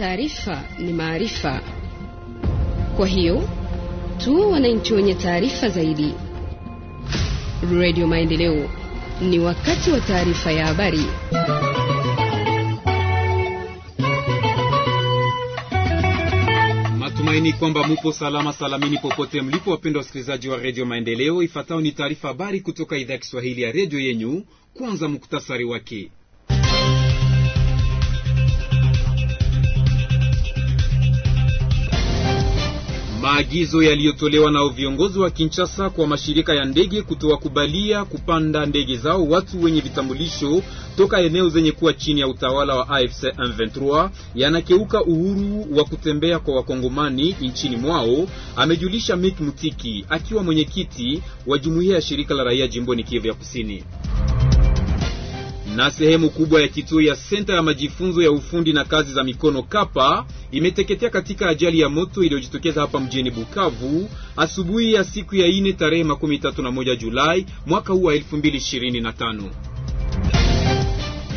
taarifa ni maarifa. Kwa hiyo tu wananchi wenye taarifa zaidi. Radio Maendeleo, ni wakati wa taarifa ya habari. Matumaini kwamba mupo salama salamini popote mlipo, wapendwa wasikilizaji wa redio Maendeleo. Ifuatayo ni taarifa habari kutoka idhaa ya Kiswahili ya redio yenyu. Kwanza muktasari wake. Maagizo yaliyotolewa nao viongozi wa Kinshasa kwa mashirika ya ndege kutowakubalia kupanda ndege zao watu wenye vitambulisho toka eneo zenye kuwa chini ya utawala wa AFC M23 yanakeuka uhuru wa kutembea kwa wakongomani nchini mwao, amejulisha Mick Mutiki akiwa mwenyekiti wa jumuiya ya shirika la raia jimboni Kivu ya Kusini na sehemu kubwa ya kituo ya senta ya majifunzo ya ufundi na kazi za mikono Kapa imeteketea katika ajali ya moto iliyojitokeza hapa mjini Bukavu asubuhi ya siku ya ine tarehe 31 Julai mwaka huu wa 2025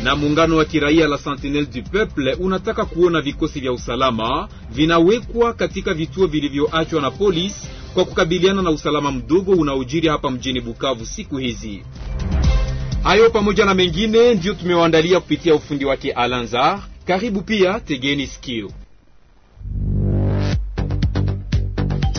na muungano wa kiraia la Sentinelle du Peuple unataka kuona vikosi vya usalama vinawekwa katika vituo vilivyoachwa na polisi kwa kukabiliana na usalama mdogo unaojiri hapa mjini Bukavu siku hizi. Hayo pamoja na mengine ndiyo tumewaandalia kupitia ufundi wake Alanzar. Karibu pia tegeni sikio.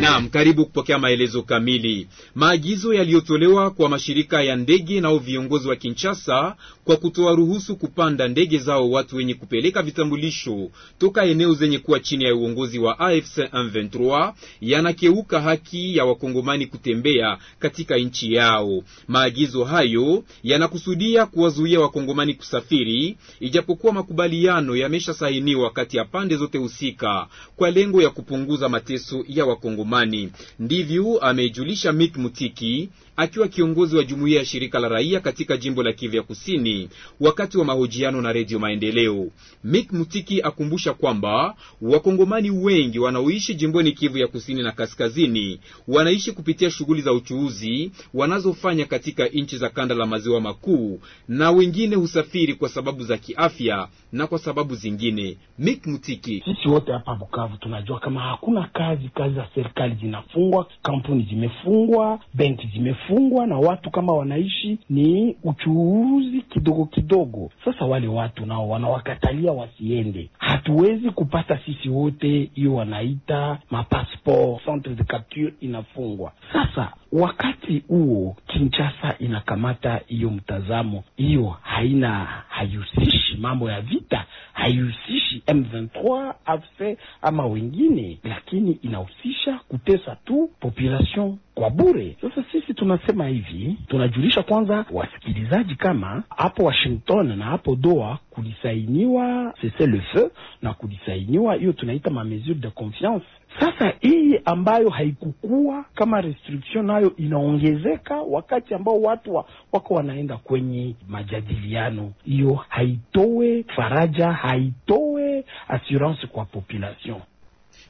Naam, karibu kupokea maelezo kamili. Maagizo yaliyotolewa kwa mashirika ya ndege nao viongozi wa Kinshasa kwa kutoa ruhusu kupanda ndege zao watu wenye kupeleka vitambulisho toka eneo zenye kuwa chini ya uongozi wa AFC M23 yanakeuka haki ya wakongomani kutembea katika nchi yao. Maagizo hayo yanakusudia kuwazuia wakongomani kusafiri, ijapokuwa makubaliano yameshasainiwa kati ya pande zote husika kwa lengo ya kupunguza mateso ya wakongomani. Wakongomani. Ndivyo amejulisha Mick Mutiki, akiwa kiongozi wa jumuiya ya shirika la raia katika jimbo la Kivu ya Kusini, wakati wa mahojiano na Redio Maendeleo. Mick Mutiki akumbusha kwamba wakongomani wengi wanaoishi jimboni Kivu ya Kusini na Kaskazini wanaishi kupitia shughuli za uchuuzi wanazofanya katika nchi za kanda la maziwa makuu, na wengine husafiri kwa sababu za kiafya na kwa sababu zingine. Mick Mutiki: sisi wote hapa Bukavu tunajua kama hakuna kazi, kazi za serikali zinafungwa, kampuni zimefungwa, benki zimefungwa kufungwa na watu kama wanaishi ni uchuuzi kidogo kidogo. Sasa wale watu nao wanawakatalia wasiende. Hatuwezi kupata sisi wote, hiyo wanaita mapasport. Centre de capture inafungwa. Sasa wakati huo Kinshasa inakamata hiyo mtazamo, hiyo haina haihusishi mambo ya vita, haihusishi M23 ama wengine, lakini inahusisha kutesa tu population kwa bure. Sasa sisi sisi tunasema hivi, tunajulisha kwanza wasikilizaji kama hapo Washington na hapo Doha kulisainiwa cessez le feu na kulisainiwa hiyo tunaita ma mesure de confiance. Sasa hii ambayo haikukua kama restriction, nayo inaongezeka wakati ambao watu wa, wako wanaenda kwenye majadiliano. Hiyo haitoe faraja, haitoe assurance kwa population.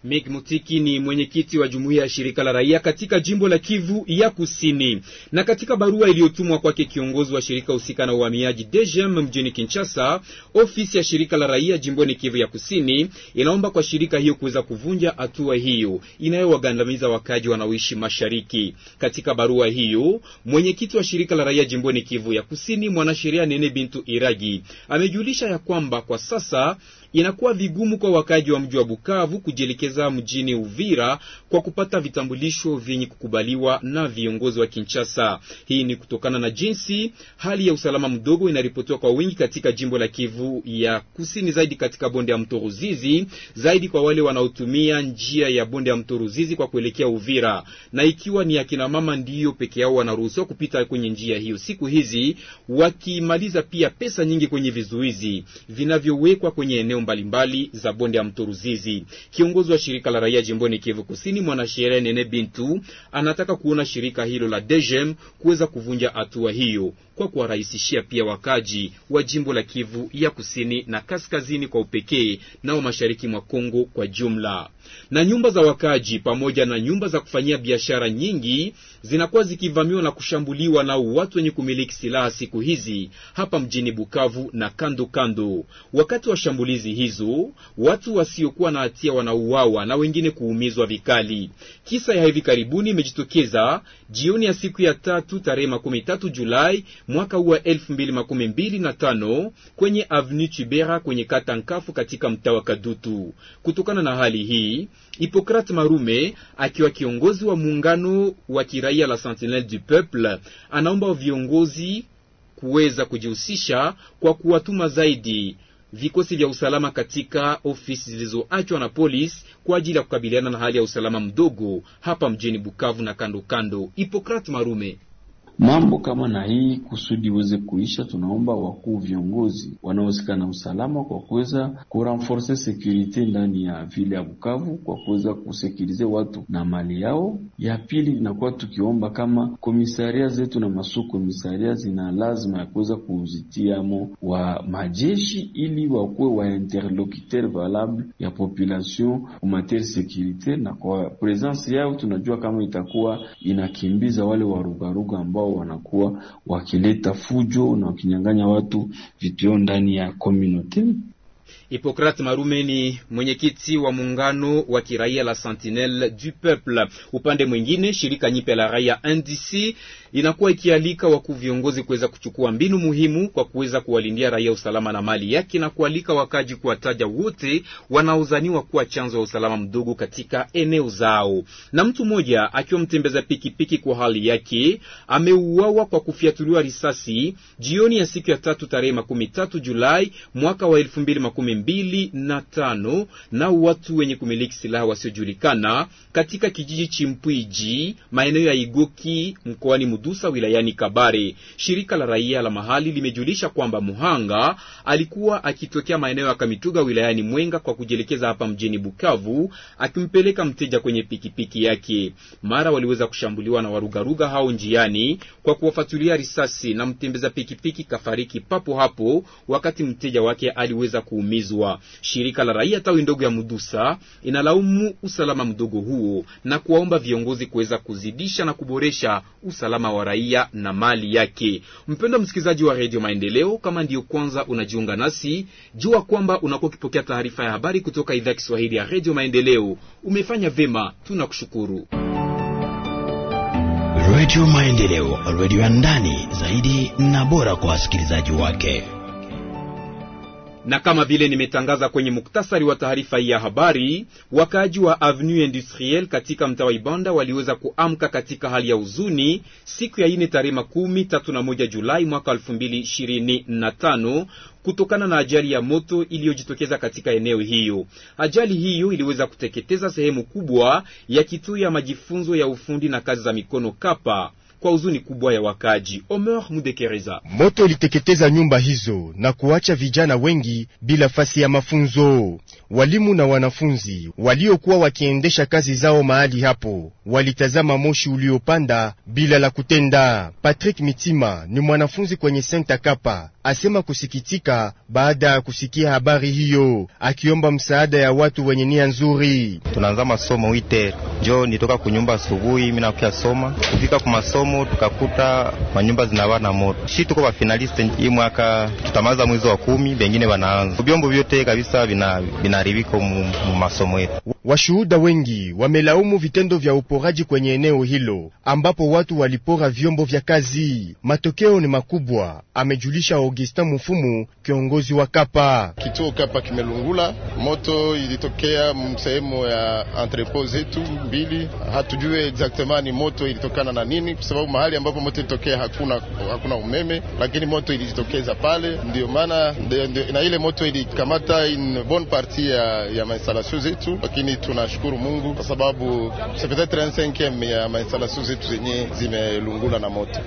Meg Mutiki ni mwenyekiti wa jumuiya ya shirika la raia katika jimbo la Kivu ya Kusini. Na katika barua iliyotumwa kwake kiongozi wa shirika husika na uhamiaji DGM mjini Kinshasa, ofisi ya shirika la raia jimboni Kivu ya Kusini inaomba kwa shirika hiyo kuweza kuvunja hatua hiyo inayowagandamiza wakaji wanaoishi mashariki. Katika barua hiyo, mwenyekiti wa shirika la raia jimboni Kivu ya Kusini, mwanasheria Nene Bintu Iragi amejulisha ya kwamba kwa sasa inakuwa vigumu kwa wakaji wa mji wa Bukavu kujielekeza mjini Uvira kwa kupata vitambulisho vyenye kukubaliwa na viongozi wa Kinshasa. Hii ni kutokana na jinsi hali ya usalama mdogo inaripotiwa kwa wingi katika jimbo la Kivu ya Kusini, zaidi katika bonde ya mto Ruzizi, zaidi kwa wale wanaotumia njia ya bonde ya mto Ruzizi kwa kuelekea Uvira, na ikiwa ni akina mama ndiyo peke yao wanaruhusiwa kupita kwenye njia hiyo siku hizi, wakimaliza pia pesa nyingi kwenye vizuizi vinavyowekwa kwenye eneo mbalimbali za bonde ya mto Ruzizi. Kiongozi wa shirika la raia jimboni Kivu Kusini, mwanasheria Nene Bintu, anataka kuona shirika hilo la DGM kuweza kuvunja hatua hiyo kwa kuwarahisishia pia wakaji wa jimbo la Kivu ya kusini na kaskazini kwa upekee nao mashariki mwa Kongo kwa jumla. Na nyumba za wakaji pamoja na nyumba za kufanyia biashara nyingi zinakuwa zikivamiwa na kushambuliwa na watu wenye kumiliki silaha siku hizi hapa mjini Bukavu na kando kando. Wakati wa shambulizi hizo, watu wasiokuwa na hatia wanauawa na wengine kuumizwa vikali. Kisa ya hivi karibuni imejitokeza jioni ya siku ya tatu tarehe makumi tatu Julai mwaka huu wa 2025 kwenye Avenue Chibera kwenye kata Nkafu katika mtaa wa Kadutu. Kutokana na hali hii, Hippocrate Marume akiwa kiongozi wa muungano wa kiraia la Sentinelle du Peuple anaomba viongozi kuweza kujihusisha kwa kuwatuma zaidi vikosi vya usalama katika ofisi zilizoachwa na polisi kwa ajili ya kukabiliana na hali ya usalama mdogo hapa mjini Bukavu na kando kando. Hippocrate Marume Mambo kama na hii kusudi iweze kuisha, tunaomba wakuu viongozi wanaohusika na usalama kwa kuweza kurenforce sekurite ndani ya vile ya Bukavu kwa kuweza kusekirize watu na mali yao. Ya pili inakuwa tukiomba kama komisaria zetu na komisaria zina lazima ya kuweza kuzitiamo wa majeshi ili wakuwe wa interlocuteur valable ya population kumatere securite, na kwa presence yao tunajua kama itakuwa inakimbiza wale warugaruga ambao ambao wanakuwa wakileta fujo na wakinyang'anya watu vitu yao ndani ya community. Hippocrate Marume ni mwenyekiti wa muungano wa kiraia la Sentinelle du Peuple. Upande mwingine, shirika nyipe la raia NDC inakuwa ikialika wakuu viongozi kuweza kuchukua mbinu muhimu kwa kuweza kuwalindia raia usalama na mali yake na kualika wakaji kuwataja wote wanaozaniwa kuwa chanzo ya usalama mdogo katika eneo zao. Na mtu mmoja akiwa mtembeza pikipiki kwa hali yake ameuawa kwa kufiatuliwa risasi jioni ya siku ya tatu tarehe makumi tatu Julai mwaka wa elfu mbili makumi mbili na tano na watu wenye kumiliki silaha wasiojulikana katika kijiji Chimpwiji maeneo ya Igoki mkoani Dusa wilayani Kabare. Shirika la raia la mahali limejulisha kwamba Muhanga alikuwa akitokea maeneo ya Kamituga wilayani Mwenga kwa kujielekeza hapa mjini Bukavu akimpeleka mteja kwenye pikipiki yake. Mara waliweza kushambuliwa na warugaruga hao njiani kwa kuwafatulia risasi na mtembeza pikipiki kafariki papo hapo, wakati mteja wake aliweza kuumizwa. Shirika la raia tawi ndogo ya mudusa inalaumu usalama mdogo huo na kuwaomba viongozi kuweza kuzidisha na kuboresha usalama wa raia na mali yake. Mpendwa msikilizaji wa redio Maendeleo, kama ndiyo kwanza unajiunga nasi, jua kwamba unakuwa ukipokea taarifa ya habari kutoka idhaa ya Kiswahili ya redio Maendeleo. Umefanya vema, tunakushukuru. Redio Maendeleo, redio ya ndani zaidi na bora kwa wasikilizaji wake na kama vile nimetangaza kwenye muktasari wa taarifa hii ya habari, wakaaji wa Avenue Industrielle katika mtaa wa Ibanda waliweza kuamka katika hali ya huzuni siku ya ine tarehe makumi tatu na moja Julai mwaka elfu mbili ishirini na tano kutokana na ajali ya moto iliyojitokeza katika eneo hiyo. Ajali hiyo iliweza kuteketeza sehemu kubwa ya kituo ya majifunzo ya ufundi na kazi za mikono Kapa kwa huzuni kubwa ya wakaji. Omer Mudekereza, moto iliteketeza nyumba hizo na kuacha vijana wengi bila fasi ya mafunzo. Walimu na wanafunzi waliokuwa wakiendesha kazi zao mahali hapo walitazama moshi uliopanda bila la kutenda. Patrick Mitima ni mwanafunzi kwenye Senta Kapa asema kusikitika baada ya kusikia habari hiyo, akiomba msaada ya watu wenye nia nzuri. Tunaanza masomo wite njo nitoka kunyumba asubuhi, mi nakuya soma kufika ku masomo tukakuta manyumba zinawa na moto. Shi tuko wafinaliste hii mwaka tutamaza mwezi wa kumi, vengine wanaanza vyombo vyote kabisa vinaharibika mu masomo yetu. Washuhuda wengi wamelaumu vitendo vya uporaji kwenye eneo hilo ambapo watu walipora vyombo vya kazi. Matokeo ni makubwa, amejulisha Augustin Mufumu, kiongozi wa Kapa. Kituo Kapa kimelungula, moto ilitokea sehemu ya entrepo zetu mbili. Hatujue exactement ni moto ilitokana na nini, kwa sababu mahali ambapo moto ilitokea hakuna, hakuna umeme, lakini moto ilijitokeza pale, ndio maana na ile moto ilikamata in bonne partie ya, ya mainstalasio zetu, lakini tunashukuru Mungu kwa sababu c'est ya mainstalasio zetu zenye zimelungula na moto.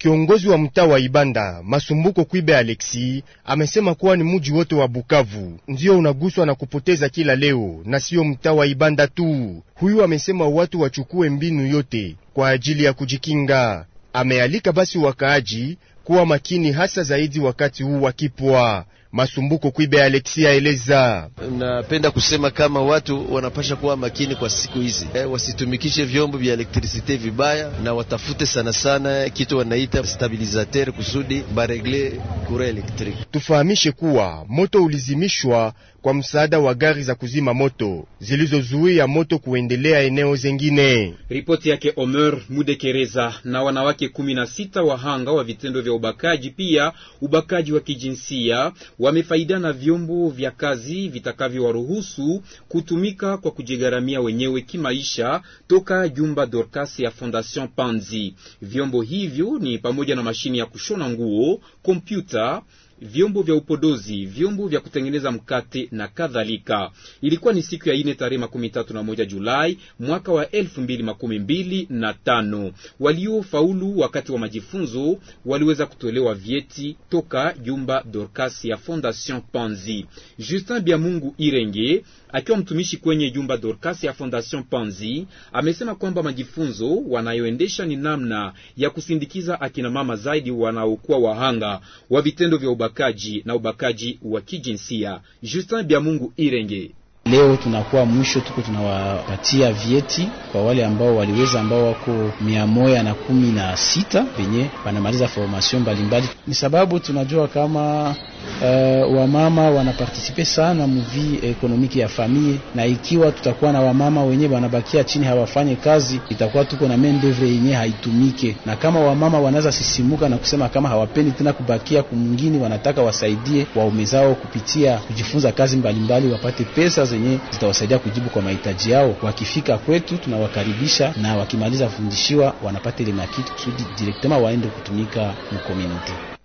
Kiongozi wa mtaa wa Ibanda Masumbuko Kwibe Alexi amesema kuwa ni muji wote wa Bukavu ndio unaguswa na kupoteza kila leo na siyo mtaa wa Ibanda tu. Huyu amesema watu wachukue mbinu yote kwa ajili ya kujikinga. Amealika basi wakaaji kuwa makini hasa zaidi wakati huu wakipwa Masumbuko Kwibe Alexi aeleza: napenda kusema kama watu wanapasha kuwa makini kwa siku hizi eh, wasitumikishe vyombo vya elektrisite vibaya, na watafute sana sana kitu wanaita stabilizater kusudi baregle kura elektrike. Tufahamishe kuwa moto ulizimishwa kwa msaada wa gari za kuzima moto zilizozuia moto kuendelea eneo zengine. Ripoti yake Omer Mudekereza. Na wanawake kumi na sita wahanga wa vitendo vya ubakaji pia ubakaji wa kijinsia wamefaida na vyombo vya kazi vitakavyowaruhusu kutumika kwa kujigharamia wenyewe kimaisha toka jumba Dorcas ya Fondation Panzi. Vyombo hivyo ni pamoja na mashini ya kushona nguo, kompyuta vyombo vya upodozi, vyombo vya kutengeneza mkate na kadhalika. Ilikuwa ni siku ya ine tarehe makumi tatu na moja Julai mwaka wa elfu mbili makumi mbili na tano. Waliofaulu wakati wa majifunzo waliweza kutolewa vyeti toka jumba Dorcas ya Fondation Panzi. Justin Biamungu Irenge Akiwa mtumishi kwenye jumba Dorcas ya Fondation Panzi, amesema kwamba majifunzo wanayoendesha ni namna ya kusindikiza akina mama zaidi wanaokuwa wahanga wa vitendo vya ubakaji na ubakaji wa kijinsia. Justin Biamungu Irenge Leo tunakuwa mwisho, tuko tunawapatia vyeti kwa wale ambao waliweza, ambao wako mia moja na kumi na sita venye wanamaliza formation mbalimbali. Ni sababu tunajua kama Uh, wamama wanapartisipe sana muvi ekonomiki ya famiye, na ikiwa tutakuwa na wamama wenye wanabakia chini hawafanye kazi, itakuwa tuko na mendevre d'oeuvre yenyewe haitumike. Na kama wamama wanaweza sisimuka na kusema kama hawapendi tena kubakia kumungini, wanataka wasaidie waume zao kupitia kujifunza kazi mbalimbali mbali, wapate pesa zenye zitawasaidia kujibu kwa mahitaji yao. Wakifika kwetu tunawakaribisha, na wakimaliza fundishiwa wanapata ile makitu kusudi direktema waende kutumika mu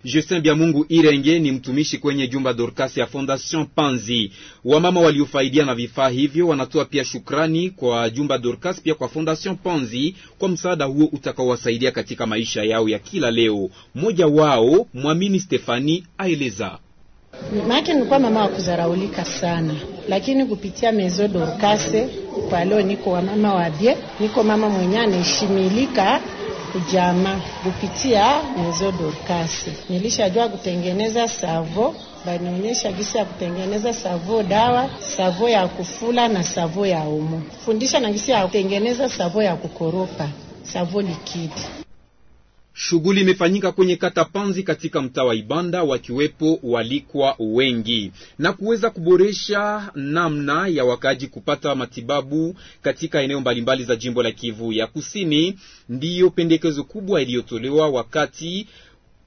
Justin Biamungu Irenge ni mtumishi kwenye jumba Dorcas ya Fondation Panzi. Wamama waliofaidia na vifaa hivyo wanatoa pia shukrani kwa jumba Dorcas, pia kwa Fondation Panzi kwa msaada huo utakaowasaidia katika maisha yao ya kila leo. Mmoja wao mwamini Stefani aeleza maake nilikuwa mama wa kuzaraulika sana, lakini kupitia Mezo Dorkase kwa leo niko wamama wabye, niko mama mwenye anaheshimilika kujama kupitia mezo dorkasi Nilishajua kutengeneza savo, banionyesha gisi ya kutengeneza savo dawa, savo ya kufula na savo ya umu, fundisha na gisi ya kutengeneza savo ya kukoropa, savo likidi Shughuli imefanyika kwenye kata Panzi katika mtaa wa Ibanda, wakiwepo walikwa wengi na kuweza kuboresha namna ya wakaaji kupata matibabu katika eneo mbalimbali za jimbo la Kivu ya Kusini. Ndiyo pendekezo kubwa iliyotolewa wakati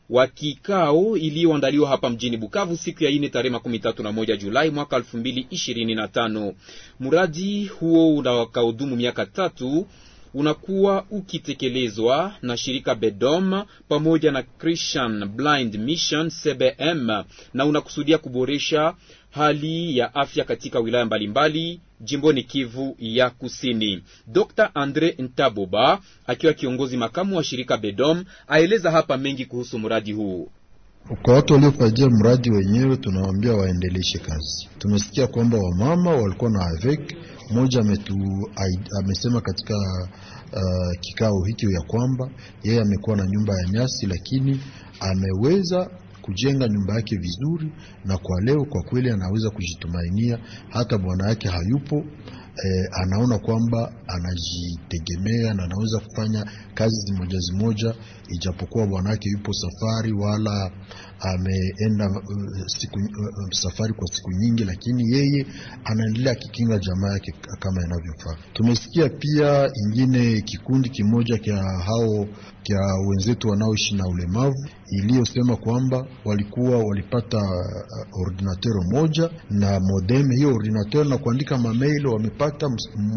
wa kikao iliyoandaliwa hapa mjini Bukavu siku ya ine tarehe makumi tatu na moja Julai mwaka elfu mbili ishirini na tano. Mradi huo unawakahudumu miaka tatu unakuwa ukitekelezwa na shirika Bedom pamoja na Christian Blind Mission CBM na unakusudia kuboresha hali ya afya katika wilaya mbalimbali jimboni Kivu ya Kusini. Dr Andre Ntaboba akiwa kiongozi makamu wa shirika Bedom aeleza hapa mengi kuhusu mradi huu. Kwa watu waliofajia mradi wenyewe, tunawaambia waendeleshe kazi. Tumesikia kwamba wamama walikuwa na avec mmoja amesema katika uh, kikao hicho ya kwamba yeye amekuwa na nyumba ya nyasi, lakini ameweza kujenga nyumba yake vizuri, na kwa leo kwa kweli anaweza kujitumainia hata bwana yake hayupo eh, anaona kwamba anajitegemea na anaweza kufanya kazi zimoja zimoja, ijapokuwa bwanake yupo safari wala ameenda eh, siku, eh, safari kwa siku nyingi, lakini yeye anaendelea akikinga jamaa yake kama inavyofaa. Tumesikia pia ingine kikundi kimoja kya hao kya wenzetu wanaoishi na ulemavu iliyosema kwamba walikuwa walipata eh, ordinateur moja na modem hiyo ordinateur na kuandika mamail wamepata kupata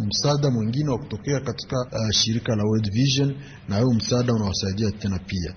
msaada mwingine wa kutokea katika uh, shirika la World Vision, na huyo msaada unawasaidia tena pia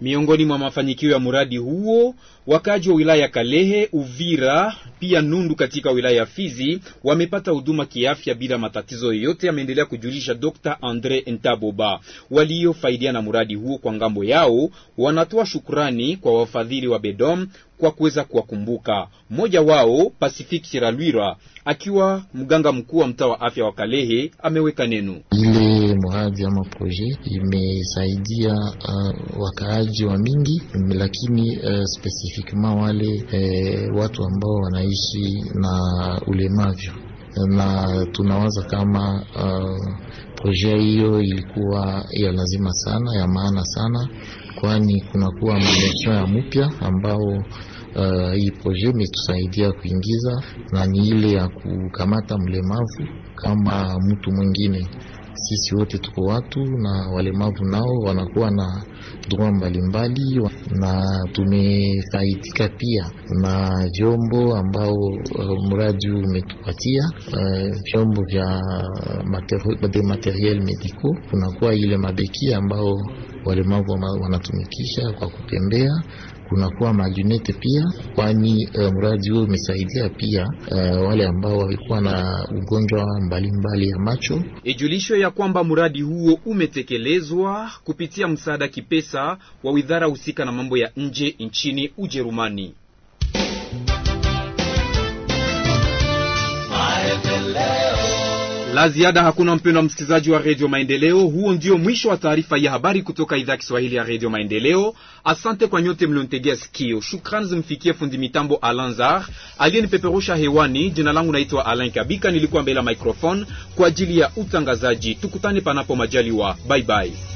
Miongoni mwa mafanikio ya mradi huo, wakaji wa wilaya Kalehe, Uvira pia Nundu katika wilaya ya Fizi wamepata huduma kiafya bila matatizo yoyote, ameendelea kujulisha Dr. Andre Ntaboba. Waliofaidia na mradi huo kwa ngambo yao wanatoa shukrani kwa wafadhili wa Bedom kwa kuweza kuwakumbuka. Mmoja wao Pacific Chiralwira akiwa mganga mkuu wa mtaa wa afya wa Kalehe ameweka neno mradi ama proje imesaidia uh, wakaaji wa mingi, lakini uh, spesifikema wale uh, watu ambao wanaishi na ulemavyo na tunawaza kama uh, proje hiyo ilikuwa ya lazima sana, ya maana sana, kwani kunakuwa maelekeo ya mpya ambao Uh, hii proje imetusaidia kuingiza na ni ile ya kukamata mlemavu kama mtu mwingine. Sisi wote tuko watu na walemavu nao wanakuwa na droit mbalimbali, na tumefaidika pia na vyombo ambao uh, mradi umetupatia uh, vyombo uh, vya materiel medico, kunakuwa ile mabeki ambao walemavu wanatumikisha kwa kutembea kunakuwa maginete pia, kwani uh, mradi huo umesaidia pia uh, wale ambao walikuwa na ugonjwa mbalimbali mbali ya macho. Ijulisho ya kwamba mradi huo umetekelezwa kupitia msaada kipesa wa widhara husika na mambo ya nje nchini Ujerumani. la ziada hakuna. Mpendo wa msikilizaji wa redio Maendeleo, huo ndio mwisho wa taarifa ya habari kutoka idhaa Kiswahili ya redio Maendeleo. Asante kwa nyote mliontegea sikio. Shukrani zimfikie fundi mitambo Alanzar aliyenipeperusha hewani. Jina langu naitwa Alain Kabika, nilikuwa mbele ya microphone kwa ajili ya utangazaji. Tukutane panapo majaliwa, baibai.